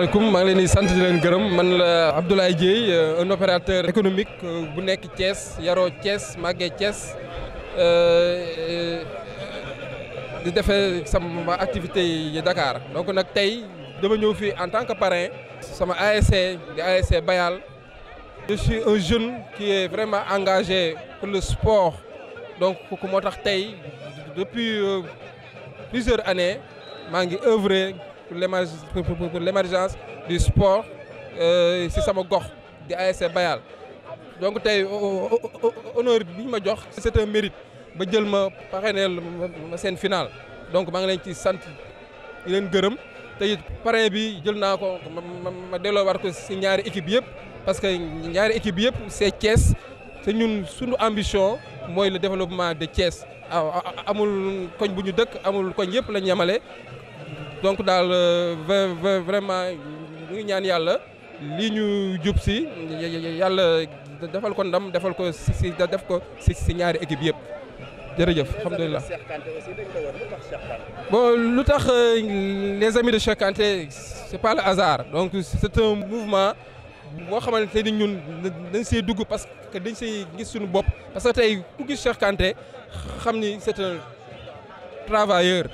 asalaamaaleykum maa ngi leen di sant di leen gërëm man la Abdoulaye Dieye euh, un opérateur économique euh, bu nekk Thiès yaroo Thiès màggee Thiès euh, di defee sama activité yi Dakar donc nag tey dama ñëw fii en tant que parrain sama ASC di ASC Bayal je suis un jeune qui est vraiment engagé pour le sport donc ku moo tax tey depuis plusieurs années maa ngi œuvrer pour l'émergence du sport si euh, sama gox di ASC Bayal donc tey honneur bi ñu ma jox c'est un mérite ba jël ma parrainel ma seen finale donc maa ngi leen ci sant di leen gërëm te it bi jël naa ko ma delloo war ko si ñaari équipe yëpp parce que ñaari équipe yëpp c'est Thiès te ñun suñu ambition mooy le développement de cees amul koñ bu ñu dëkk amul koñ yëpp lañ yemale donc daal euh, vraiment mu ngi ñaan yàlla lii ñu jub si yàlla defal ko ndam defal ko si def ko si si ñaari équipe yëpp jërëjëf alhamdulilah bon lu tax euh, les amis de Cheikh Kanté c'est pas le hasard donc c'est un mouvement boo xamante ni ñun dañ see dugg parce que dañ see gis suñu bopp parce que tey ku gis Cheikh Kanté xam ni c'est un travailleur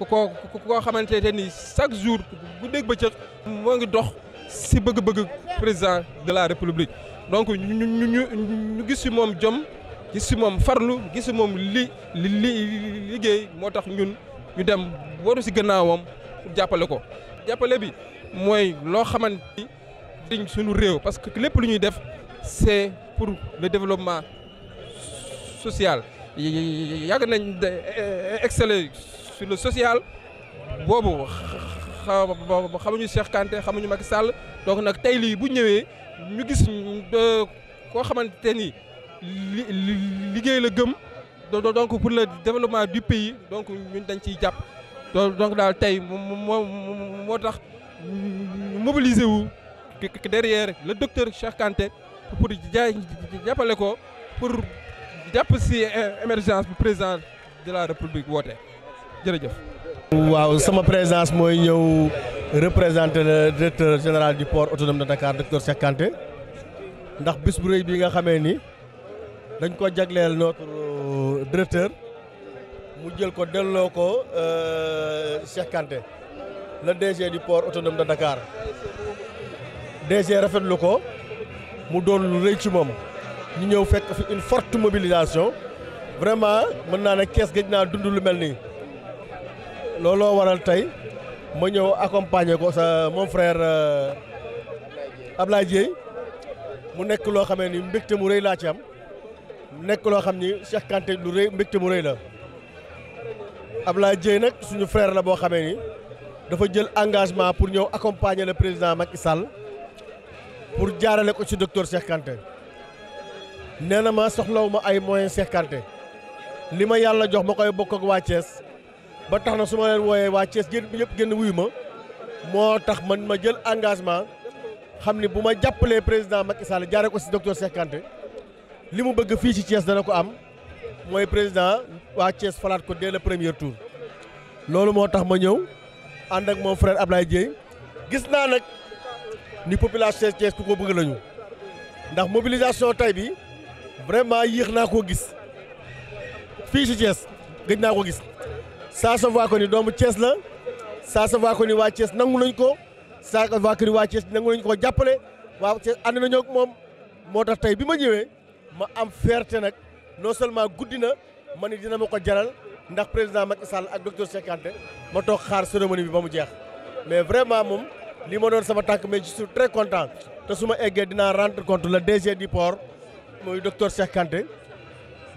ku koo koo xamante ne nii chaque jour bu dégg bëccëg moo ngi dox si bëgg-bëgg président de la république donc ñu ñu gis si moom jom gis si moom farlu gis si moom li li liggéey moo tax ñun ñu dem waru si gannaawam pour jàppale ko jàppale bi mooy loo xamante ni dañ suñu réew parce que lépp lu ñuy def c'est pour le développement social yàgg nañ euh, exceller sur le social boobu xamuñu Cheikh Kanté xamuñu Macky Sall donc nag tey lii bu ñëwee ñu gis euh, koo xamante ni li liggéey la gëm donc pour le développement du pays donc ñun dañ ciy jàpp donc daal tey moo moo tax mobiliser wu derrière le docteur Cheikh Kanté pour jàppale ko pour jàpp si euh, émergence bu président de la République woote jërëjëf. waaw sama présence mooy ñëw représenter le directeur général di port autonome de Dakar docteur Cheikh Kanté ndax bis bu rëy bii nga xamee ni dañ ko jagleel notre euh, directeur mu jël ko delloo ko euh, Cheikh Kanté le DG du port autonome de Dakar DG rafetlu ko mu doon lu rëy ci moom ñu ñëw fekk fi une forte mobilisation vraiment mën naa ne kees gëj naa dund lu mel nii. looloo waral tey ma ñëw accompagner ko sa mon ab laa Dieye mu nekk loo xamee ni mbégte mu rëy laa ci am nekk loo xam ni Cheikh Kanté lu rëy mbégte mu rëy la ab laa Dieye nag suñu frère la boo xamee ni dafa jël engagement pour ñëw accompagner la président Macky Sall pour jaarale ko ci docteur Cheikh nee na ma soxlawu ma ay moyens Cheikh li ma yàlla jox ma koy bokk ak waa Thiès ba tax na su ma leen wooyee waa Thiès génn yëpp génn wuyu ma moo tax man ma jël engagement xam ne bu ma jàppalee président Macky Sall jaaree ko si docteur Cheikh li mu bëgg fii ci Thiès dana ko am mooy président waa Thiès falaat ko dès le premier tour. loolu moo tax ma ñëw ànd ak moom frère Ablaye Dieye gis naa nag ni population Thiès ku ko bëgg nañu ndax mobilisation tey bi vraiment yéex naa koo gis fii ci Thiès gëj naa ko gis. ça se ko que ni doomu Thiès la ça se voit que waa cees nangu nañ ko ça se voit que waa Thiès nangu nañ ko jàppale waa Thiès ànd nañoo ak moom moo tax tey bi ma ñëwee ma am fierté nag non seulement guddi na ma ni dina ma ko jaral ndax président Macky Sall ak docteur Cheikh Kanté ma toog xaar cérémonie bi ba mu jeex mais vraiment moom li ma doon sama tànk mais je suis content te su ma eggee dinaa rendre compte le DG du port mooy docteur Cheikh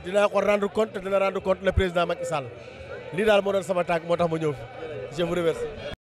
dinaa ko rendre compte te dina rendre compte président Macky Sall. lii daal moo doon sama tànk moo tax ma ñëw fi je vous